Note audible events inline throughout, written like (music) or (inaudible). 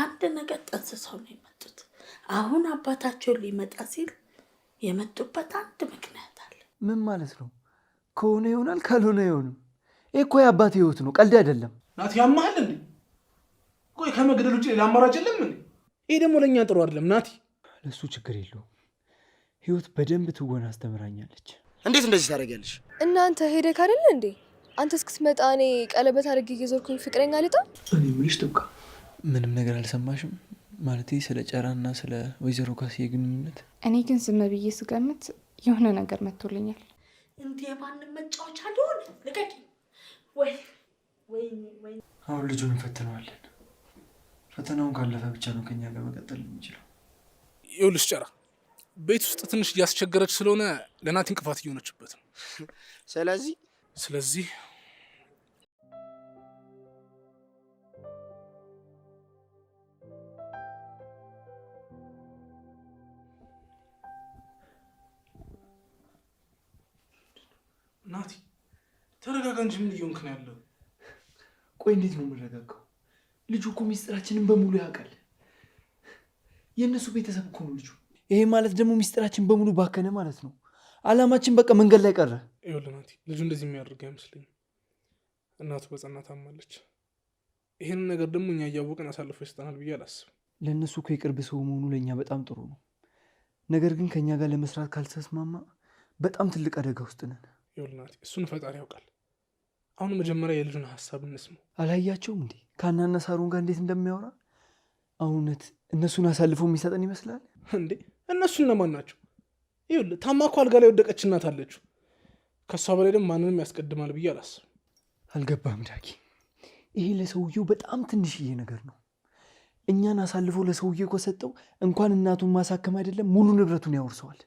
አንድ ነገር ጠንስሰው ነው የመጡት። አሁን አባታቸውን ሊመጣ ሲል የመጡበት አንድ ምክንያት አለ። ምን ማለት ነው? ከሆነ ይሆናል፣ ካልሆነ አይሆንም። ይህ እኮ የአባት ህይወት ነው፣ ቀልድ አይደለም። ናት ያማሃል እንዴ? ቆይ ከመግደል ውጭ ሌላ አማራጭ የለም እንዴ? ይህ ደግሞ ለእኛ ጥሩ አይደለም ናቲ። ለእሱ ችግር የለውም። ህይወት በደንብ ትወና አስተምራኛለች። እንዴት እንደዚህ ታደርጊያለሽ? እናንተ ሄደክ አይደለ እንዴ? አንተ እስክትመጣ እኔ ቀለበት አድርጌ የዞርኩኝ ፍቅረኛ ልጣ እኔ የምልሽ ጥብቃ ምንም ነገር አልሰማሽም? ማለት ስለ ጨራና ስለ ወይዘሮ ካሴ ግንኙነት። እኔ ግን ዝም ብዬ ስገምት የሆነ ነገር መጥቶልኛል። እንዲ የማንም መጫወቻ ሊሆን ልቀቂ። አሁን ልጁን እንፈትነዋለን። ፈተናውን ካለፈ ብቻ ነው ከኛ ጋር መቀጠል የሚችለው። ይኸውልሽ ጨራ ቤት ውስጥ ትንሽ እያስቸገረች ስለሆነ ለናቲ እንቅፋት እየሆነችበት ነው። ስለዚህ ስለዚህ ናቲ ተረጋጋ እንጂ ምን እየሆንክ ነው ያለው? ቆይ እንዴት ነው የምረጋጋው? ልጁ እኮ ሚስጥራችንን በሙሉ ያውቃል። የእነሱ ቤተሰብ እኮ ነው ልጁ። ይሄ ማለት ደግሞ ሚስጥራችን በሙሉ ባከነ ማለት ነው። አላማችን በቃ መንገድ ላይ ቀረ። ይኸውልህ ናቲ፣ ልጁ እንደዚህ የሚያደርግ አይመስለኝም። እናቱ በጸና ታማለች። ይህን ነገር ደግሞ እኛ እያወቅን አሳልፎ ይሰጠናል ብዬ አላስብም። ለእነሱ እኮ የቅርብ ሰው መሆኑ ለእኛ በጣም ጥሩ ነው። ነገር ግን ከእኛ ጋር ለመስራት ካልተስማማ በጣም ትልቅ አደጋ ውስጥ ነን። ይወልናት እሱን ፈጣሪ ያውቃል። አሁን መጀመሪያ የልጁን ሀሳብ እንስሙ። አላያቸውም እንዴ ከአናና ሳሩን ጋር እንዴት እንደሚያወራ አሁነት እነሱን አሳልፎ የሚሰጠን ይመስላል እንዴ? እነሱ እነማን ናቸው? ይኸውልህ ታማ እኮ አልጋ ላይ ወደቀች እናት አለችው። ከእሷ በላይ ደግሞ ማንንም ያስቀድማል ብዬ አላስብም። አልገባም ዳጊ፣ ይሄ ለሰውየው በጣም ትንሽዬ ነገር ነው። እኛን አሳልፎ ለሰውየው ከሰጠው እንኳን እናቱን ማሳከም አይደለም ሙሉ ንብረቱን ያወርሰዋል።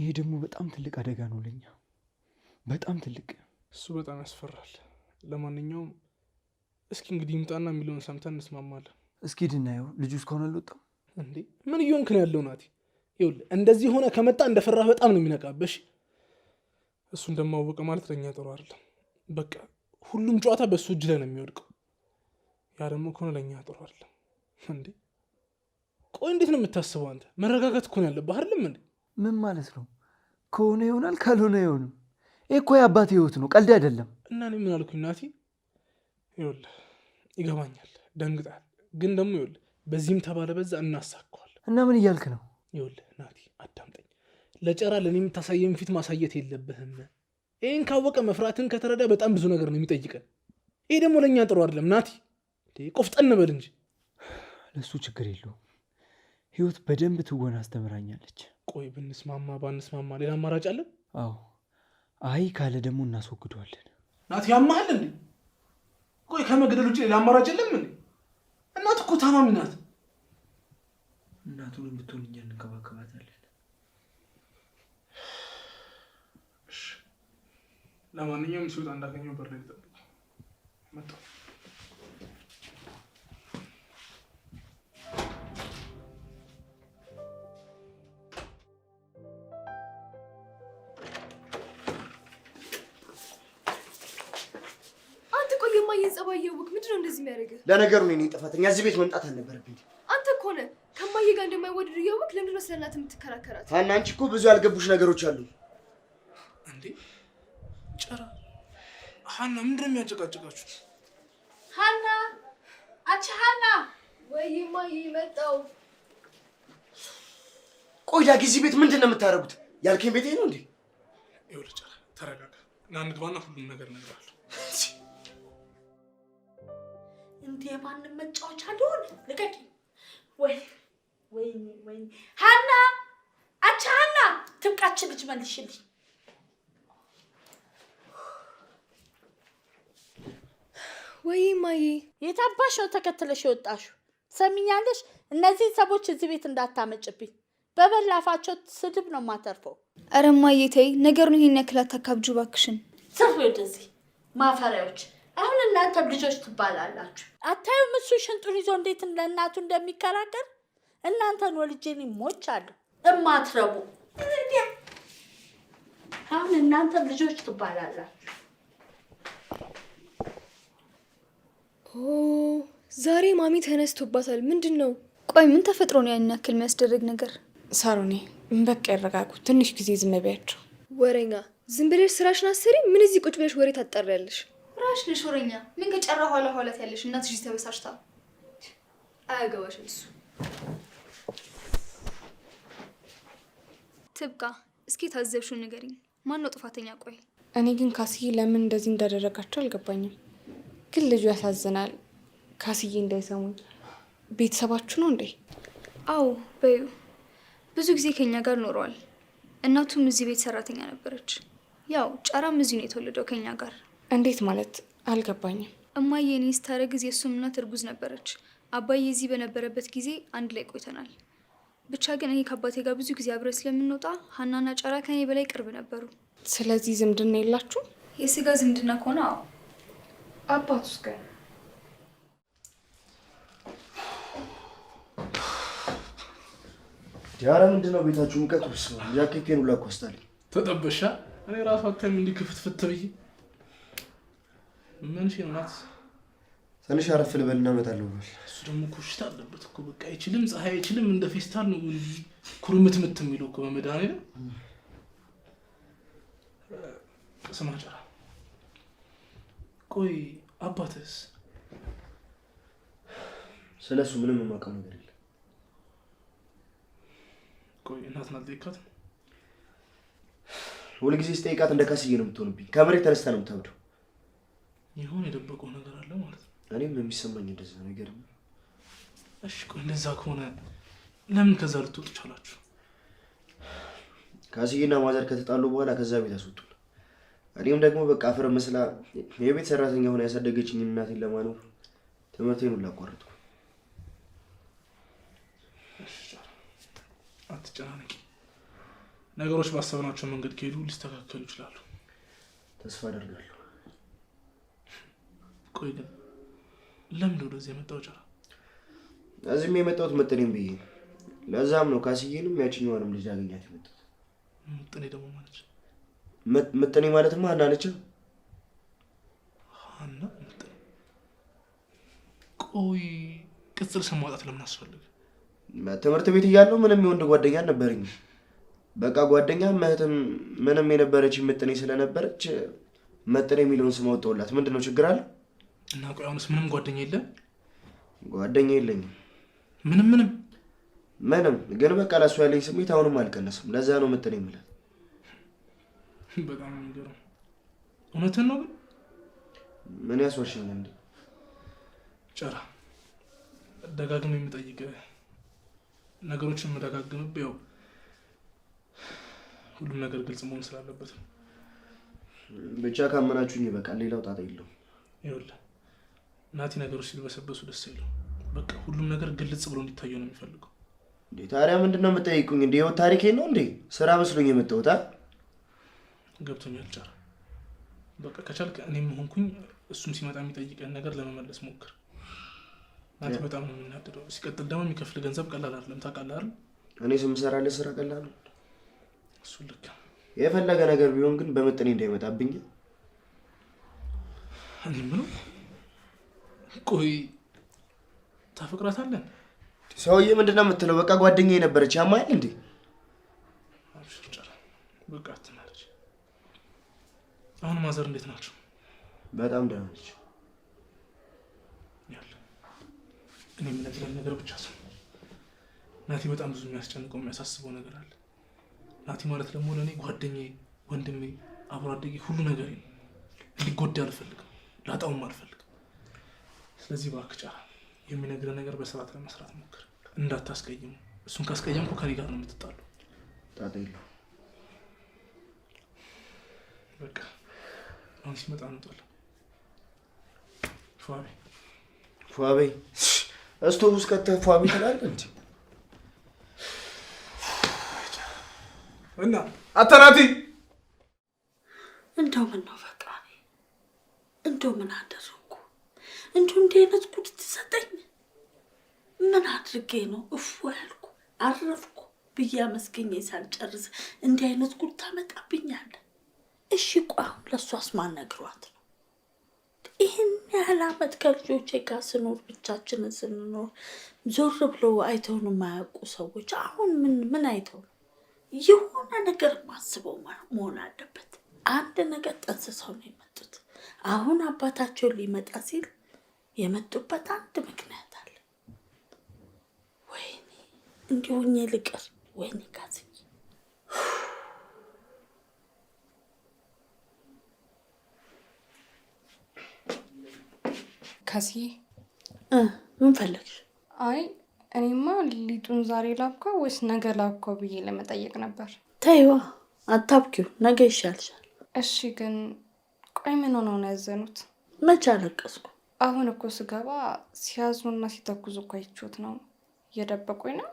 ይሄ ደግሞ በጣም ትልቅ አደጋ ነው ለኛ። በጣም ትልቅ እሱ በጣም ያስፈራል። ለማንኛውም እስኪ እንግዲህ ይምጣና የሚለውን ሰምተን እንስማማለን። እስኪ ድናየው ልጁ እስከሆነ አልወጣም እንዴ? ምን እየሆንክ ነው ያለው? ናቲ ይውል እንደዚህ ሆነ ከመጣ እንደፈራህ በጣም ነው የሚነቃበሽ። እሱ እንደማወቀ ማለት ለእኛ ጥሩ አይደለም። በቃ ሁሉም ጨዋታ በእሱ እጅ ላይ ነው የሚወድቀው። ያ ደግሞ ከሆነ ለእኛ ጥሩ አይደለም። እንዴ ቆይ እንዴት ነው የምታስበው አንተ? መረጋጋት እኮ ነው ያለብህ አይደለም እንዴ? ምን ማለት ነው? ከሆነ ይሆናል፣ ካልሆነ ይሆንም ይህ እኮ ህይወት ነው፣ ቀልድ አይደለም። እና እኔ ምን አልኩኝ ናቲ? ይኸውልህ ይገባኛል፣ ደንግጣል። ግን ደግሞ ይኸውልህ በዚህም ተባለ በዛ እናሳከዋል። እና ምን እያልክ ነው? ይኸውልህ ናቲ አዳምጠኝ፣ ለጨራ ለእኔ የምታሳየን ፊት ማሳየት የለብህም። ይህን ካወቀ መፍራትን ከተረዳ በጣም ብዙ ነገር ነው የሚጠይቀን። ይህ ደግሞ ለእኛ ጥሩ አይደለም ናቲ፣ ቆፍጠን በል እንጂ። ለእሱ ችግር የለውም። ህይወት በደንብ ትወና አስተምራኛለች። ቆይ ብንስማማ ባንስማማ ሌላ አማራጭ አለን? አዎ አይ ካለ ደግሞ እናስወግደዋለን። ናት ያማሃል እንዴ? ቆይ ከመገደል ውጭ ሌላ አማራጭ የለም እንዴ? እናት እኮ ታማሚ ናት። እናቱን ብትሆን እኛ እንንከባከባታለን። ለማንኛውም ሲወጣ እንዳገኘው በር ላይ ጠብቅ መጣሁ ለነገሩ ነው እኔ ጥፋተኛ፣ እዚህ ቤት መምጣት አልነበረብኝ። አንተ እኮ ነህ ከማዬ ጋር እንደማይወድድ እያወቅ ለምንድን ነው ስለ የምትከራከራት? ሀና፣ አንቺ እኮ ብዙ ያልገቡሽ ነገሮች አሉ። እንዴ ጨራ፣ ሀና፣ ምንድን ነው የሚያጨቃጭቃችሁት? ሀና፣ አንቺ ሀና። ወይ ማዬ መጣው። ቆይ ዳጊ፣ እዚህ ቤት ምንድን ነው የምታደርጉት? ያልከኝ ቤት ነው እንዴ? ይኸውልህ ጭራ፣ ተረጋጋ እና እንግባና ሁሉም ነገር እነግርሃለሁ የማንም መጫወቻ ልሆን ልቀቂ! ወይ ወይ ወይ! ሀና አንቺ ሀና ትብቃችን ልጅ መልሽልኝ። ወይ ማዬ፣ የታባሽ ነው ተከትለሽ የወጣሽው? ሰሚኛለሽ? እነዚህ ሰዎች እዚህ ቤት እንዳታመጭብኝ። በበላፋቸው ስድብ ነው የማተርፈው። ኧረ ማዬ ተይ ነገሩን፣ ይሄን ያክል አታካብጁ እባክሽን። ስፍ ወደዚህ ማፈሪያዎች አሁን እናንተ ልጆች ትባላላችሁ። አታዩም? እሱ ሽንጡን ይዞ እንዴት ለእናቱ እንደሚከራከር እናንተን ወልጄ ሞች አሉ እማትረቡ። አሁን እናንተ ልጆች ትባላላችሁ። ዛሬ ማሚ ተነስቶባታል። ምንድን ነው? ቆይ ምን ተፈጥሮ ነው ያን ያክል የሚያስደርግ ነገር? ሳሮኔ በቃ ያረጋጉ፣ ትንሽ ጊዜ ዝም ወረኛ ወሬኛ ዝም ብለሽ ስራሽን አስሪ። ምን እዚህ ቁጭ ብለሽ ወሬ ታጣሪያለሽ? ራሽ ነሽ ወረኛ። ምን ከጨራ ኋላ ኋላት ያለሽ እናትሽ እዚህ ተበሳጭታ አያገባሽም። እሱ ትብቃ። እስኪ ታዘብሽው ንገሪኝ። ማን ነው ጥፋተኛ? ቆይ እኔ ግን ካስዬ ለምን እንደዚህ እንዳደረጋቸው አልገባኝም። ግን ልጁ ያሳዝናል። ካስዬ እንዳይሰሙኝ ቤተሰባችሁ ነው እንዴ? አዎ በዩ ብዙ ጊዜ ከኛ ጋር ኖረዋል። እናቱም እዚህ ቤት ሰራተኛ ነበረች። ያው ጨራም እዚህ ነው የተወለደው ከኛ ጋር እንዴት ማለት አልገባኝም። እማዬ እኔ ስታረ ጊዜ እሱ ምናት እርጉዝ ነበረች። አባዬ እዚህ በነበረበት ጊዜ አንድ ላይ ቆይተናል። ብቻ ግን እኔ ከአባቴ ጋር ብዙ ጊዜ አብረን ስለምንወጣ ሀናና ጫራ ከኔ በላይ ቅርብ ነበሩ። ስለዚህ ዝምድና የላችሁ? የስጋ ዝምድና ከሆነ አዎ። አባቱስ ግን ዲያራ ምንድን ነው ቤታችሁ ሙቀት ውስ ነው? ጃኬቴን ሁላ ኮስታል ተጠበሻ እኔ ራሱ አታይም እንዲህ ክፍትፍት ብዬ ምን ሽ ናት? ትንሽ አረፍ ልበል እና እመጣለሁ ብሏል። እሱ ደግሞ ኮሽታ አለበት እኮ በቃ አይችልም፣ ፀሐይ አይችልም። እንደ ፌስታል ነው ኩርምት ምት የሚለው እኮ በመድኃኒዓለም ስማ ጨራ ቆይ አባትስ ስለ እሱ ምንም የማውቀው ነገር የለም። ቆይ እናት ናት ሁልጊዜ ስጠይቃት እንደ ካስዬ ነው የምትሆንብኝ። ከመሬት ተነስታ ነው የምታብደው ይሁን የደበቀው ነገር አለ ማለት ነው። እኔም የሚሰማኝ እንደዛ ነገር። እሺ ቆይ እንደዛ ከሆነ ለምን ከዛ ልትወጡ ቻላችሁ? ካስዬና ማዘር ከተጣሉ በኋላ ከዛ ቤት አስወጡን። እኔም ደግሞ በቃ አፈር መስላ የቤት ሰራተኛ ሆነ ያሳደገችኝ እናቴን ለማኖር ትምህርቴን ሁሉ አቋረጥኩ። አትጨናነቂ። ነገሮች ባሰብናቸው መንገድ ከሄዱ ሊስተካከሉ ይችላሉ። ተስፋ አደርጋለሁ። ቆይ ግን ለምን ወደዚህ የመጣው ጭራ? እዚህም የመጣሁት ምጥኔም ብዬ ለዛም ነው ካስዬንም ያችኛዋንም ልጅ አገኛት የመጣሁት። ምጥኔ ደግሞ ማለች ምጥኔ ማለትማ ሀና ነች። ሀና ምጥኔ። ቆይ ቅጽል ስም ማውጣት ለምን አስፈልግ? ትምህርት ቤት እያለሁ ምንም የወንድ ጓደኛ አልነበረኝ። በቃ ጓደኛ እህትም ምንም የነበረች ምጥኔ ስለነበረች መጥኔ የሚለውን ስም አወጣሁላት። ምንድን ነው ችግር አለ? እና ቆይ አሁንስ ምንም ጓደኛ የለም? ጓደኛ የለኝም። ምንም ምንም ምንም። ግን በቃ ለእሱ ያለኝ ስሜት አሁንም አልቀነስም። ለዛ ነው ምትን የምልህ። በጣም የሚገርም እውነትን ነው። ግን ምን ያስወርሽኝ እንዴ? ጨራ ደጋግም የሚጠይቅ ነገሮችን የምደጋግምብ ያው ሁሉም ነገር ግልጽ መሆን ስላለበት ብቻ ካመናችሁኝ ይበቃል። ሌላው ጣጣ የለውም። ይኸውልህ ናቲ ነገሮች ሲልበሰበሱ ደስ ይለው። በቃ ሁሉም ነገር ግልጽ ብሎ እንዲታየው ነው የሚፈልገው። እንዴ ታዲያ ምንድን ነው የምጠይቁኝ? እንዲ ህይወት ታሪክ ነው እንዴ ስራ መስሎኝ የመጣሁት ገብቶኛል። ጫራ በቃ ከቻልክ እኔም መሆንኩኝ እሱም ሲመጣ የሚጠይቀን ነገር ለመመለስ ሞክር። ናቲ በጣም ነው የሚናደደው። ሲቀጥል ደግሞ የሚከፍል ገንዘብ ቀላል አይደለም። ታውቃለህ አይደል? እኔ ስምሰራለህ ስራ ቀላል ነው እሱ ልክ። የፈለገ ነገር ቢሆን ግን በምጥኔ እንዳይመጣብኝ እኔ ምነው ቆይ ታፈቅራታለህ? ሰውዬ ምንድን ነው የምትለው? በቃ ጓደኛ የነበረች ያማል እንዴ? በቃ አትናለች። አሁን ማዘር እንዴት ናቸው? በጣም ደህና ነች። እኔ የምነግርህ ነገር ብቻ ሰው ናቲ በጣም ብዙ የሚያስጨንቀው የሚያሳስበው ነገር አለ። ናቲ ማለት ደግሞ ለእኔ ጓደኛዬ፣ ወንድሜ፣ አብሮ አደጌ ሁሉ ነገር ነው። ሊጎዳ አልፈልግም፣ ላጣውም አልፈልግም። ስለዚህ እባክህ ጫላ የሚነግረ ነገር በስርዓት ለመስራት ሞክር፣ እንዳታስቀይሙ። እሱን ካስቀየምኩ ከኔ ጋር ነው የምትጣሉ። በቃ አሁን ሲመጣ እንጣለ። ፏቤ ፏቤ፣ እስቶቭ ውስጥ ከተ ፏቤ ትላለህ እንዲ እና አተናቲ እንደው ምን ነው በቃ እንደው ምን አደረው እንዲሁ እንዲህ አይነት ጉድ ትሰጠኝ? ምን አድርጌ ነው እፎ ያልኩ አረፍኩ ብዬ አመስገኘ ሳልጨርስ እንዲህ አይነት ጉድ ታመጣብኛለ? እሺ ቋሁ ለእሷስ ማን ነግሯት ነው? ይህን ያህል አመት ከልጆቼ ጋር ስኖር ብቻችንን ስንኖር ዞር ብለው አይተውን የማያውቁ ሰዎች አሁን ምን ምን አይተው ነው? የሆነ ነገር ማስበው መሆን አለበት። አንድ ነገር ጠንስሰው ነው የመጡት። አሁን አባታቸው ሊመጣ ሲል የመጡበት አንድ ምክንያት አለ። ወይኔ እንዲሁኝ ልቅር። ወይኔ ካዝኝ (sighs) ካዝዬ፣ ምን ፈለግሽ? አይ እኔማ ሊጡን ዛሬ ላብኮ ወይስ ነገ ላብካው ብዬ ለመጠየቅ ነበር። ተይዋ፣ አታብኪው፣ ነገ ይሻልሻል። እሺ፣ ግን ቆይ ምን ሆነው ነው ያዘኑት? መቼ አለቀስኩ አሁን እኮ ስገባ ሲያዝኑና ሲተኩዙ እኮ አይቼዎት ነው። እየደበቁኝ ነው።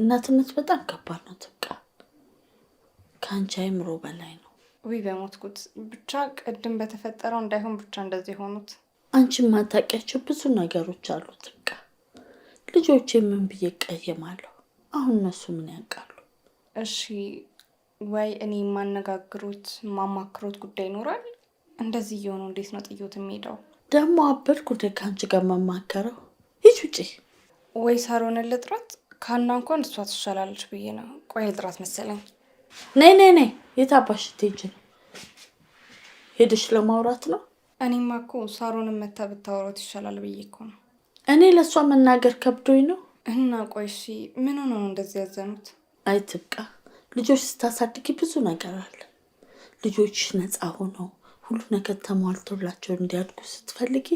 እናትነት በጣም ከባድ ነው። ትብቃ ከአንቺ አይምሮ በላይ ነው። ውይ በሞትኩት ብቻ ቅድም በተፈጠረው እንዳይሆን ብቻ እንደዚህ የሆኑት። አንቺ ማታውቂያቸው ብዙ ነገሮች አሉ ትብቃ። ልጆች የምን ብዬ እቀየማለሁ? አሁን እነሱ ምን ያውቃሉ? እሺ ወይ እኔ የማነጋግሩት ማማክሮት ጉዳይ ይኖራል። እንደዚህ እየሆኑ እንዴት ነው ጥዮት የሚሄደው? ደግሞ አበድ እንደ ከአንቺ ጋር መማከረው ሂጅ ውጪ። ወይ ሳሮንን ልጥራት? ካና እንኳን እሷ ትሻላለች ብዬ ነው። ቆይ ልጥራት መሰለኝ። ነይ ነይ ነይ። የት አባሽ ትሄጂ ነው? ሄደሽ ለማውራት ነው? እኔማ እኮ ሳሮንን መታ ብታወራት ይሻላል ብዬ እኮ ነው። እኔ ለእሷ መናገር ከብዶኝ ነው። እና ቆይ እሺ፣ ምን ሆኖ ነው እንደዚህ ያዘኑት? አይ ትብቃ። ልጆች ስታሳድጊ ብዙ ነገር አለ። ልጆች ነፃ ሆነው ሁሉ ነገር ተሟልቶላቸው እንዲያድጉ ስትፈልጊ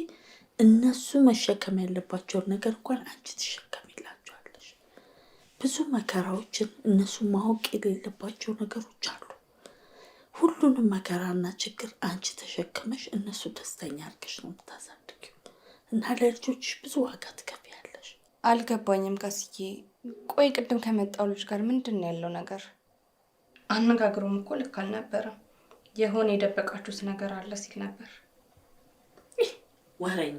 እነሱ መሸከም ያለባቸውን ነገር እንኳን አንቺ ትሸከሚላቸዋለሽ። ብዙ መከራዎችን እነሱ ማወቅ የሌለባቸው ነገሮች አሉ። ሁሉንም መከራና ችግር አንቺ ተሸክመሽ እነሱ ደስተኛ አድርገሽ ነው የምታሳድጊው እና ለልጆችሽ ብዙ ዋጋ ትከፍያለሽ። አልገባኝም ቀስዬ ቆይ ቅድም ከመጣው ልጅ ጋር ምንድን ነው ያለው ነገር? አነጋግሮም እኮ ልክ አልነበረም። የሆነ የደበቃችሁት ነገር አለ ሲል ነበር። ወረኛ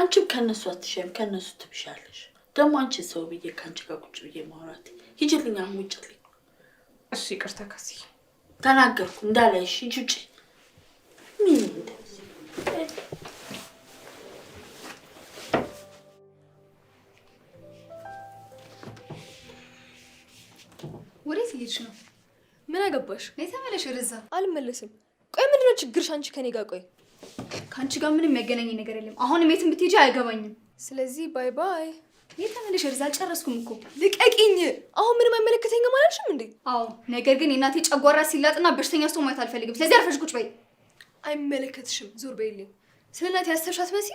አንቺም ከነሱ አትሻይም፣ ከነሱ ትብሻለሽ። ደግሞ አንቺ ሰው ብዬ ከአንቺ ጋር ቁጭ ብዬ ማውራት ይጅልኛ ሙጭል እሱ ይቅርታ ከሲ ተናገርኩ እንዳላይሽ ሂጅ ውጭ። ወዴት ነው? ምን አገባሽ? ተመለሽ ወደዛ። አልመለስም። ቆይ ምንድነው ችግርሽ አንቺ ከኔ ጋር? ቆይ ከአንቺ ጋር ምንም የሚያገናኝ ነገር የለም። አሁንም የትም ብትሄጂ አይገባኝም። ስለዚህ ባይ ባይ። የተመለሽ ወደዛ። አልጨረስኩም እኮ ልቀቂኝ። አሁን ምንም አይመለከተኝም አላልሽም እንዴ? አዎ፣ ነገር ግን የእናቴ ጨጓራ ሲላጥና በሽተኛ ስቶ ማየት አልፈልግም። ስለዚህ አርፈሽ ቁጭ በይ። አይመለከትሽም። ዞር በይልኝ። ስለ እናቴ ያስተሻት መሲ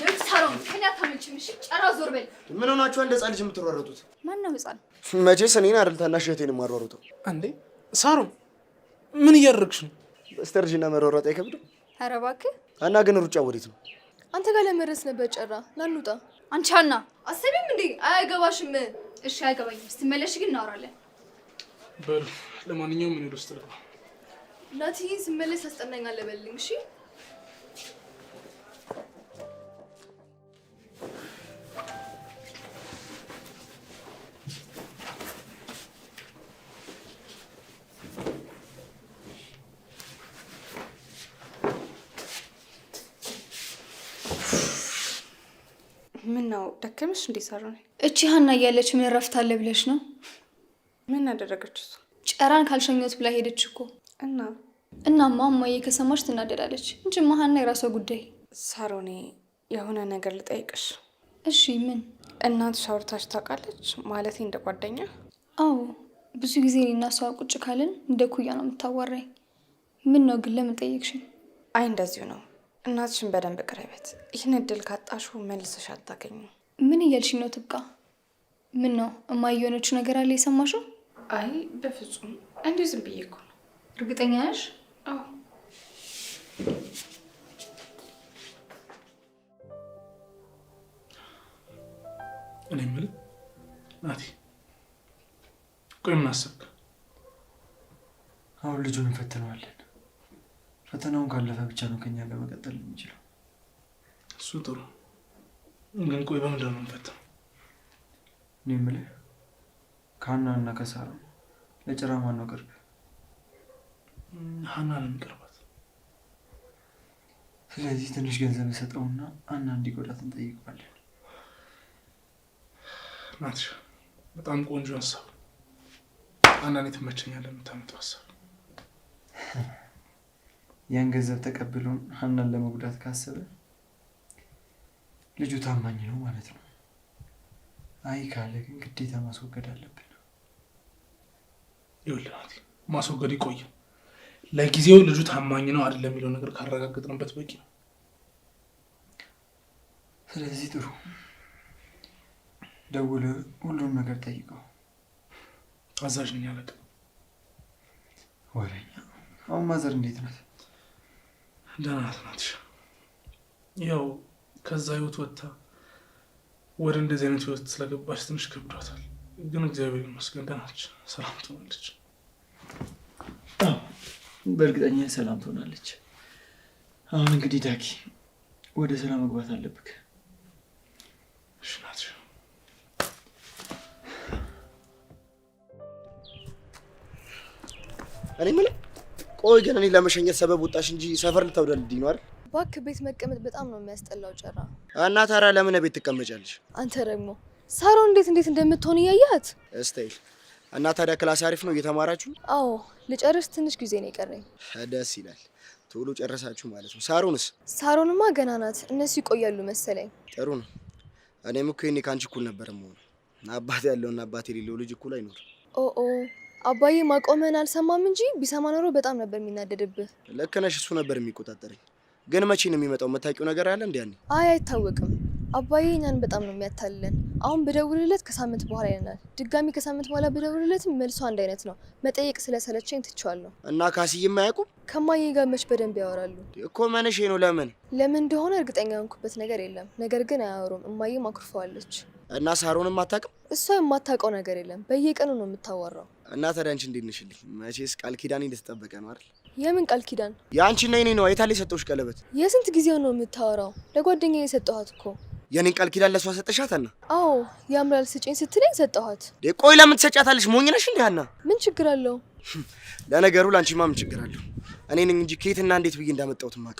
ለምሳሌም ከኛ ታመጭምሽ ጨራ ዞር በል። ምን ሆናችሁ እንደ ህፃን ልጅ የምትሯረጡት? ማን ነው ህፃን? መቼስ እኔን አይደል ታናሽ እህቴን የማሯሩጠው። አንዴ ሳሮን ምን እያደረግሽ ነው? በስተርጅና መሯሯጥ አይከብድም? ኧረ እባክህ። እና ግን ሩጫ ወዴት ነው? አንተ ጋር ለመድረስ ነበር። ጨራ ላንውጣ። አንቺ ሀና አሰቢም እንዴ? አያገባሽም። እሺ አያገባኝም። ስትመለሽ ግን እናወራለን። በሉ ለማንኛውም እኔ ውስጥ ልግባ። እናትዬ ስመለስ አስጠናኝ አለበልኝ። እሺ ምነው ደከመሽ? እንዲሰሩ ነው። እቺ ሀና እያለች ምን እረፍት አለ ብለሽ ነው? ምን አደረገች? እሱ ጨራን ካልሸኘት ብላ ሄደች እኮ እና እናማ እማዬ ከሰማች ትናደዳለች እንጂ ሀና የራሷ ጉዳይ። ሳሮኔ የሆነ ነገር ልጠይቅሽ። እሺ። ምን? እናት አውርታች ታውቃለች? ማለት እንደ ጓደኛ? አዎ፣ ብዙ ጊዜ እኔና ቁጭ ካልን እንደ ኩያ ነው የምታዋራኝ። ምን ነው ግን ለምን ጠየቅሽኝ? አይ እንደዚሁ ነው እናትሽን በደንብ ቅረቤት። ይህን እድል ካጣሹ መልሰሽ አታገኙ። ምን እያልሽኝ ነው ትብቃ? ምን ነው እማዬ የሆነችው ነገር አለ የሰማሽው? አይ በፍጹም እንዲሁ ዝም ብዬ እኮ ነው። እርግጠኛ ነሽ? አዎ። እኔ የምልህ ናቲ፣ ቆይ ምን አሰብክ? አሁን ልጁን እንፈትነዋለን ፈተናውን ካለፈ ብቻ ነው ከኛ ጋር መቀጠል የሚችለው። እሱ ጥሩ ግን፣ ቆይ በምንድን ነው የምንፈታው? እኔ የምልህ ከሀና እና ከሳራ ለጭራ ማን ነው ቅርብ? ሀና ነው የሚቀርባት። ስለዚህ ትንሽ ገንዘብ የሰጠውና አና እንዲጎዳት እንጠይቀዋለን። ናትሻ፣ በጣም ቆንጆ ሀሳብ። አናን የተመቸኛል የምታመጣው ሀሳብ ያን ገንዘብ ተቀብሎን ሀናን ለመጉዳት ካሰበ ልጁ ታማኝ ነው ማለት ነው። አይ ካለ ግን ግዴታ ማስወገድ አለብን። ይወልናል ማስወገድ ይቆየ። ለጊዜው ልጁ ታማኝ ነው አይደለም የሚለው ነገር ካረጋገጥንበት በቂ ነው። ስለዚህ ጥሩ ደውል፣ ሁሉን ነገር ጠይቀው። አዛዥ ነኝ አለቀ። ወሬኛ። አሁን ማዘር እንዴት ናት? ደህና ናት ያው ከዛ ህይወት ወጥታ ወደ እንደዚህ አይነት ህይወት ስለገባች ትንሽ ከብዷታል፣ ግን እግዚአብሔር ይመስገን ደህና ሰላም ትሆናለች፣ በእርግጠኛ ሰላም ትሆናለች። አሁን እንግዲህ ዳኪ ወደ ስራ መግባት አለብክ። እኔ የምልህ ቆይ ግን እኔ ለመሸኘት ሰበብ ወጣሽ እንጂ ሰፈር ልታውደልድኝ ነው አይደል? እባክህ ቤት መቀመጥ በጣም ነው የሚያስጠላው። ጨራ እና ታራ ለምን ቤት ትቀመጫለሽ? አንተ ደግሞ ሳሮን እንዴት እንዴት እንደምትሆን እያያት እስታይል እና ታዲያ ክላስ አሪፍ ነው እየተማራችሁ? አዎ ልጨርስ ትንሽ ጊዜ ነው የቀረኝ። ደስ ይላል። ቶሎ ጨረሳችሁ ማለት ነው። ሳሮንስ? ሳሮንማ ገና ናት። እነሱ ይቆያሉ መሰለኝ። ጥሩ ነው። እኔም እኮ ይሄኔ ከአንቺ እኩል ነበር መሆኑ። አባት ያለውና አባት የሌለው ልጅ እኩል አይኖር። ኦ ኦ አባዬ ማቆመን አልሰማም እንጂ ቢሰማ ኖሮ በጣም ነበር የሚናደድብህ። ልክ ነሽ። እሱ ነበር የሚቆጣጠረኝ። ግን መቼ ነው የሚመጣው? የምታውቂው ነገር አለ እንዴ? ያኔ አይ አይታወቅም። አባዬ እኛን በጣም ነው የሚያታልለን። አሁን ብደውልለት ከሳምንት በኋላ ይለናል። ድጋሚ ከሳምንት በኋላ ብደውልለትም መልሶ አንድ አይነት ነው። መጠየቅ ስለሰለቸኝ ትቼዋለሁ። እና ካስዬም አያውቁም? ከማዬ ጋር መች በደንብ ያወራሉ እኮ። መነሼ ነው። ለምን ለምን እንደሆነ እርግጠኛ የሆንኩበት ነገር የለም። ነገር ግን አያወሩም። እማዬም አኩርፈዋለች። እና ሳሮንም አታውቅም? እሷ የማታውቀው ነገር የለም። በየቀኑ ነው የምታወራው እና ታዲያ አንቺ እንዴት ነሽልኝ? መቼስ ቃል ኪዳን እንደተጠበቀ ነው አይደል? የምን ቃል ኪዳን? የአንቺ እና የኔ ነው። የታለ የሰጠሁሽ ቀለበት? የስንት ጊዜው ነው የምታወራው? ለጓደኛዬ የሰጠኋት እኮ። የኔን ቃል ኪዳን ለሷ ሰጠሻት? እና አዎ፣ ያምራል ስጭኝ ስትለኝ ሰጠኋት። ቆይ ለምን ትሰጫታለሽ? ሞኝ ነሽ እንዴ? ሀና ምን ችግር አለው? (laughs) ለነገሩ ለአንቺማ ምን ችግር አለው? እኔ ነኝ እንጂ ከየትና እንዴት ብዬ እንዳመጣሁት ማቀ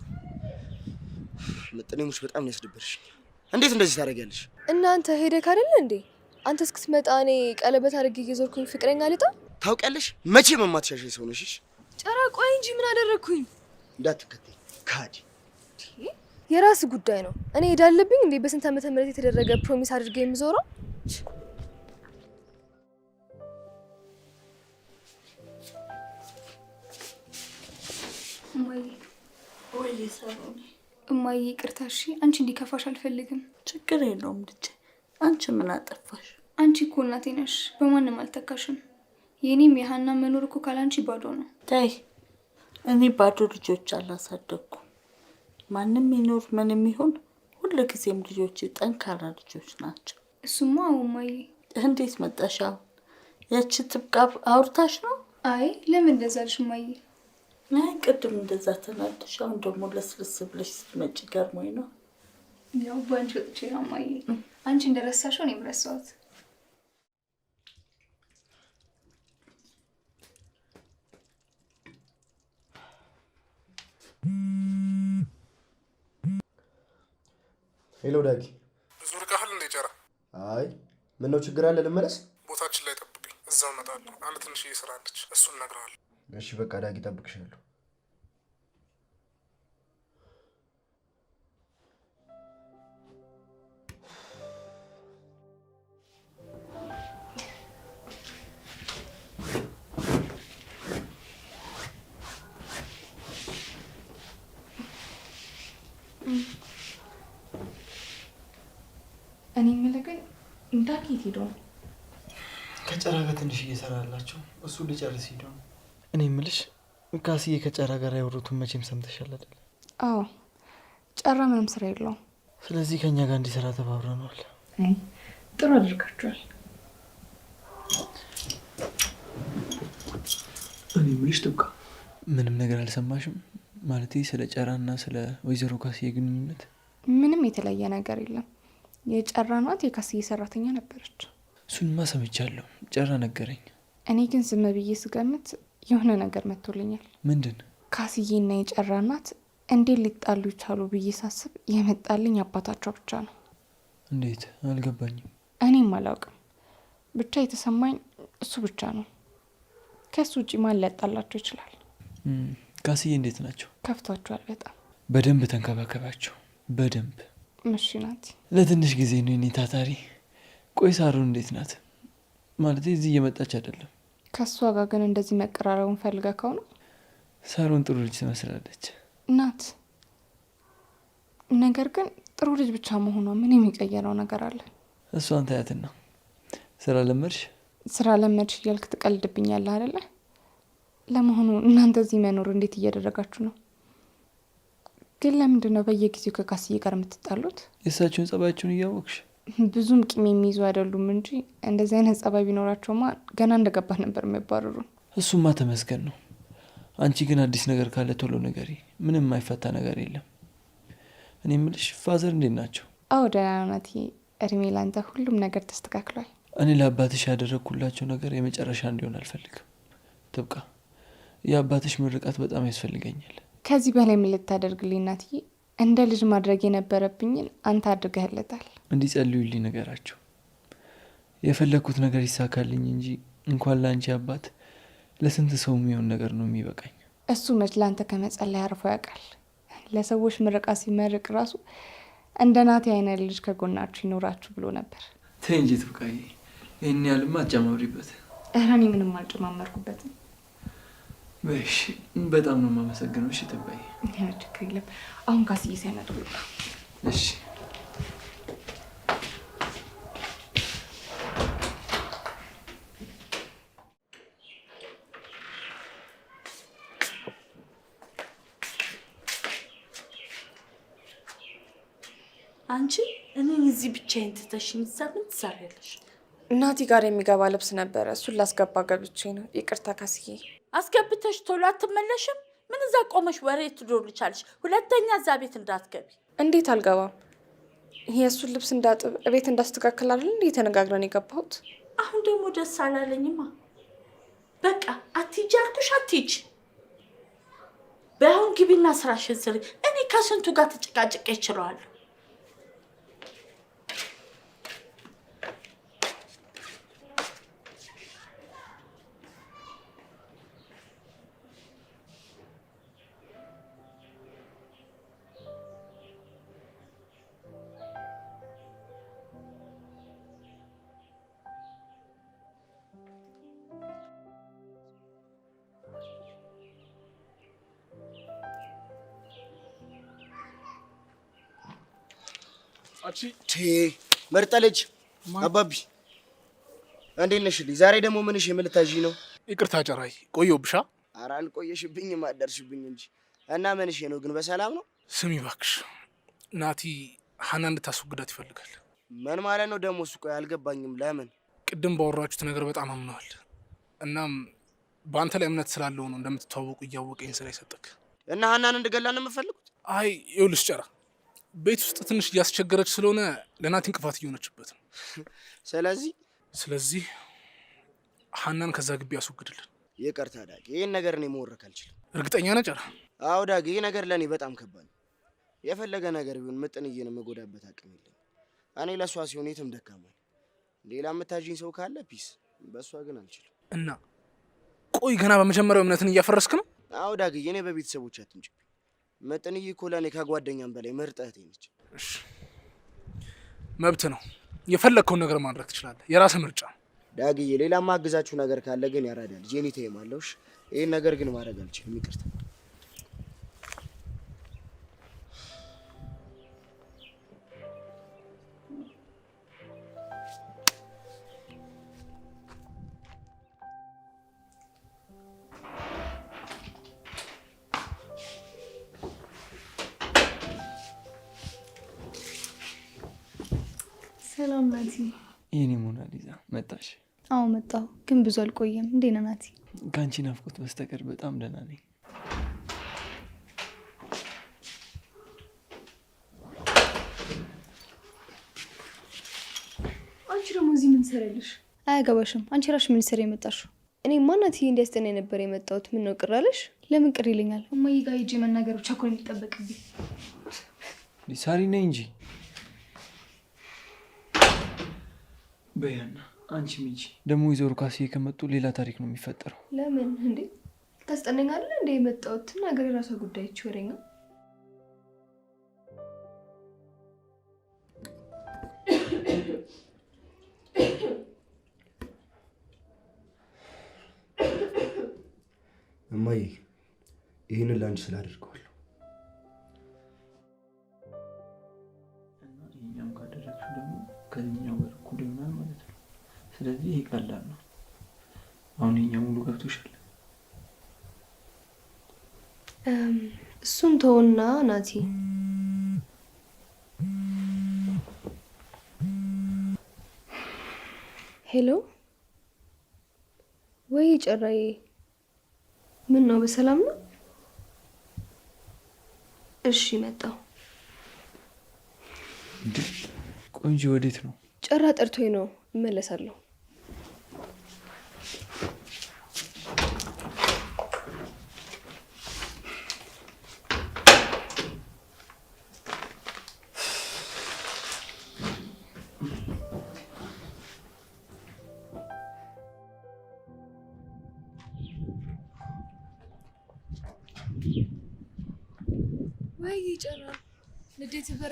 ምጥኔ ሙሽ በጣም ነው ያስደበርሽ። እንዴት እንደዚህ ታደርጊያለሽ? እናንተ ሄደክ አይደለ እንዴ አንተ እስክትመጣ እኔ ቀለበት አድርጌ እየዞርኩኝ ፍቅረኛ ልጣ። ታውቂያለሽ፣ መቼ የማትሻሽ ሰው ነሽ። ጭራ ቆይ እንጂ ምን አደረግኩኝ? እንዳትከተኝ ካዲ። የራስ ጉዳይ ነው። እኔ ሄዳለብኝ እንዴ? በስንት ዓመተ ምህረት የተደረገ ፕሮሚስ አድርጌ የምዞረው እማዬ፣ ይቅርታ እሺ። አንቺ እንዲከፋሽ አልፈልግም። ችግር የለውም ልጄ አንቺ ምን አጠፋሽ? አንቺ እኮ እናቴ ነሽ፣ በማንም አልተካሽም። የኔም የሀና መኖር እኮ ካላንቺ ባዶ ነው። ተይ እኔ ባዶ ልጆች አላሳደግኩም። ማንም ይኖር ምንም ይሆን ሁሉ ጊዜም ልጆች ጠንካራ ልጆች ናቸው። እሱማ አውማዬ፣ እንዴት መጣሽ? አሁን ያቺ ትብቃ አውርታሽ ነው? አይ ለምን እንደዛ ልሽ ማዬ? አይ ቅድም እንደዛ ተናደሽ፣ አሁን ደግሞ ለስልስ ብለሽ ስትመጪ ገርሞኝ ነው። ያው ባንቺ ወጥቼ ነው አንቺ እንደረሳሽው እኔም ረሳሁት። ሄሎ ዳጊ፣ ብዙ ርቀሃል እንደ ጨራ። አይ ምን ነው ችግር አለ? ልመለስ? ቦታችን ላይ ጠብቅኝ፣ እዛው እመጣለሁ። አንድ ትንሽዬ ስራ አለች፣ እሱን እነግርሃለሁ። እሺ በቃ ዳጊ፣ ጠብቅሻለሁ። እኔ የምልህ ግን እንዳልክ የት ሄዶ ነው? ከጨራ ጋር ትንሽ እየሰራላቸው እሱ ልጨርስ ሄዶ ነው። እኔ የምልሽ ካስዬ ከጨራ ጋር ያወሩትን መቼም ሰምተሻል አይደል? አዎ፣ ጨራ ምንም ስራ የለውም። ስለዚህ ከእኛ ጋር እንዲሰራ ተባብረነዋል። ጥሩ አድርጋችኋል። እኔ የምልሽ ጥብቃ፣ ምንም ነገር አልሰማሽም? ማለቴ ስለ ጨራና ስለ ወይዘሮ ካስዬ ግንኙነት ምንም የተለየ ነገር የለም። የጨራናት የካስዬ ሰራተኛ ነበረች። እሱንማ ሰምቻለሁ፣ ጨራ ነገረኝ። እኔ ግን ዝም ብዬ ስገምት የሆነ ነገር መጥቶልኛል። ምንድን? ካስዬና የጨራናት እንዴት ሊጣሉ ይቻሉ ብዬ ሳስብ የመጣልኝ አባታቸው ብቻ ነው። እንዴት? አልገባኝም። እኔም አላውቅም። ብቻ የተሰማኝ እሱ ብቻ ነው። ከሱ ውጭ ማን ሊያጣላቸው ይችላል? ካስዬ እንዴት ናቸው? ከፍቷቸዋል በጣም። በደንብ ተንከባከባቸው፣ በደንብ ምሽ ናት። ለትንሽ ጊዜ ነው የኔ ታታሪ። ቆይ ሳሩን እንዴት ናት? ማለት እዚህ እየመጣች አይደለም። ከእሷ ጋር ግን እንደዚህ መቀራረቡን ፈልጋ ከሆነ ሳሩን ጥሩ ልጅ ትመስላለች ናት። ነገር ግን ጥሩ ልጅ ብቻ መሆኗ ምን የሚቀየረው ነገር አለ? እሷን ታያትና ስራ ለመድሽ ስራ ለመድሽ እያልክ ትቀልድብኛለህ አይደለ? ለመሆኑ እናንተ እዚህ መኖር እንዴት እያደረጋችሁ ነው? ግን ለምንድን ነው በየጊዜው ከካስዬ ጋር የምትጣሉት? የእሳቸውን ጸባያቸውን እያወቅሽ። ብዙም ቂም የሚይዙ አይደሉም እንጂ እንደዚህ አይነት ጸባይ ቢኖራቸውማ ገና እንደገባ ነበር የሚባረሩ። እሱማ ተመስገን ነው። አንቺ ግን አዲስ ነገር ካለ ቶሎ ነገር ምንም የማይፈታ ነገር የለም። እኔ ምልሽ ፋዘር እንዴት ናቸው? አዎ ደህና ናት። እድሜ ላንተ ሁሉም ነገር ተስተካክሏል። እኔ ለአባትሽ ያደረግኩላቸው ነገር የመጨረሻ እንዲሆን አልፈልግም። ትብቃ። የአባትሽ ምርቃት በጣም ያስፈልገኛል። ከዚህ በላይ ምን ልታደርግልኝ እንደ ልጅ ማድረግ የነበረብኝን አንተ አድርገህለታል። እንዲጸልዩልኝ ነገራቸው። የፈለግኩት ነገር ይሳካልኝ እንጂ እንኳን ለአንቺ አባት ለስንት ሰው የሚሆን ነገር ነው የሚበቃኝ። እሱ መች ለአንተ ከመጸለይ አርፎ ያውቃል? ለሰዎች ምረቃ ሲመርቅ ራሱ እንደ ናቴ አይነት ልጅ ከጎናችሁ ይኖራችሁ ብሎ ነበር። ተይ እንጂ ትብቃዬ፣ ይህን ያህልማ አጨማምሪበት። ኧረ እኔ ምንም አልጨማመርኩበትም። በጣም ነው የማመሰግነው። እሺ ተባይ ችግር የለም። አሁን ካስዬ ሲያመጡ እሺ አንቺ እኔን እዚህ ብቻዬን ትተሽኝ እዛ ምን ትሰሪያለሽ? እናቲ ጋር የሚገባ ልብስ ነበረ። እሱን ላስገባ ገብቼ ነው። ይቅርታ ካስዬ። አስገብተሽ ቶሎ አትመለሽም? ምን እዛ ቆመሽ ወሬ ትዶልቻለሽ? ሁለተኛ እዛ ቤት እንዳትገቢ። እንዴት አልገባም? የእሱን ልብስ እንዳጥብ ቤት እንዳስተካከል አይደል እንዴ ተነጋግረን የገባሁት? አሁን ደግሞ ደስ አላለኝማ። በቃ አትሂጂ አልኩሽ፣ አትሂጂ። በአሁን ግቢና ስራሽን ስሪ። እኔ ከስንቱ ጋር ተጨቃጭቄ እችለዋለሁ። መርጠ ልጅ አባቢ እንዴት ነሽ? ዛሬ ደግሞ ምንሽ የምልታዥ ነው? ይቅርታ ጨራይ ቆየሁብሻ። ኧረ አልቆየሽብኝም አደርሽብኝ እንጂ እና ምንሽ ነው ግን በሰላም ነው? ስሚ እባክሽ ናቲ ሀና እንድታስወግዳት ይፈልጋል። ምን ማለት ነው ደግሞ እሱ? ቆይ አልገባኝም። ለምን? ቅድም ባወራችሁት ነገር በጣም አምነዋል። እናም በአንተ ላይ እምነት ስላለው ነው እንደምትተዋወቁ እያወቀኝ ስራ ይሰጠክ እና ሀናን እንድገላ ነው የምፈልጉት? አይ ይኸውልሽ ጨራ ቤት ውስጥ ትንሽ እያስቸገረች ስለሆነ ለናቲ እንቅፋት እየሆነችበት ነው። ስለዚህ ስለዚህ ሀናን ከዛ ግቢ ያስወግድልን። ይቅርታ ዳጊ፣ ይህን ነገር እኔ መወረክ አልችልም። እርግጠኛ ነጨር? አዎ ዳጊ፣ ይህ ነገር ለእኔ በጣም ከባድ ነው። የፈለገ ነገር ቢሆን ምጥንዬን የምጎዳበት አቅም የለኝም። እኔ ለእሷ ሲሆን የትም ደካማ ሌላ የምታዥኝ ሰው ካለ ፒስ፣ በእሷ ግን አልችልም። እና ቆይ ገና በመጀመሪያው እምነትን እያፈረስክ ነው? አዎ ዳጊ፣ እኔ በቤተሰቦች አትንጭብኝ መጥንዬ እኮ ለእኔ ከጓደኛም በላይ ምርጥ እህቴ ነች። መብት ነው፣ የፈለግከውን ነገር ማድረግ ትችላለህ። የራስህ ምርጫ። ዳግዬ፣ ሌላ ማግዛችሁ ነገር ካለ ግን ያራዳል። ጄኒቴ ማለውሽ። ይህን ነገር ግን ማድረግ አልችልም። ይቅርታ ሰላም ናቲ። የኔ ሊዛ መጣሽ? አዎ መጣሁ፣ ግን ብዙ አልቆየም። እንዴት ነህ ናቲ? ከአንቺ ናፍቆት በስተቀር በጣም ደህና ነኝ። አንቺ ደግሞ እዚህ ምን ትሰሪያለሽ? አያገባሽም። አንቺ ራሽ ምን ስር የመጣሽው? ማናት ናቲ እንዲያስጠና የነበረ የመጣሁት። ምን ነው ቅር አለሽ? ለምን ቅር ይለኛል? እማዬ ጋ ሂጅ። መናገሩ ቸኮል የሚጠበቅብኝ ሳሪ ነኝ እንጂ በያና አንቺ ሚጂ ደግሞ ወይዘሮ ካሴ ከመጡ ሌላ ታሪክ ነው የሚፈጠረው። ለምን እንዴ ታስጠነኛ አለ እንደ የመጣሁት ነገር የራሷ ጉዳይ ይችወረኛ እማዬ ይህንን ለአንቺ ስላደርገዋለሁ እና ደግሞ ስለዚህ ይሄ ቀላል ነው። አሁን የኛ ሙሉ ገብቶሻል። እሱን ተወና ናቲ ሄሎ፣ ወይ ጨራዬ፣ ምን ነው? በሰላም ነው? እሺ፣ መጣው ቆንጆ፣ ወዴት ነው? ጨራ ጠርቶኝ ነው፣ እመለሳለሁ።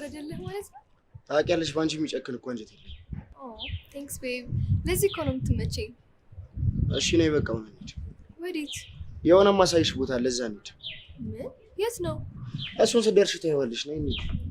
ወረደልህ ማለት ነው። ታውቂያለሽ፣ በአንቺ የሚጨክን እኮ አንጀት የለኝም። ቴንክስ ቤብ፣ ለዚህ እኮ ነው የምትመቸኝ። እሺ ነው በቃ። ሆነች ወዴት? የሆነ ማሳይሽ ቦታ ለዛ እንሂድ። ምን? የት ነው? እሱን ስትደርሺ ታይዋለሽ። ነይ እንሂድ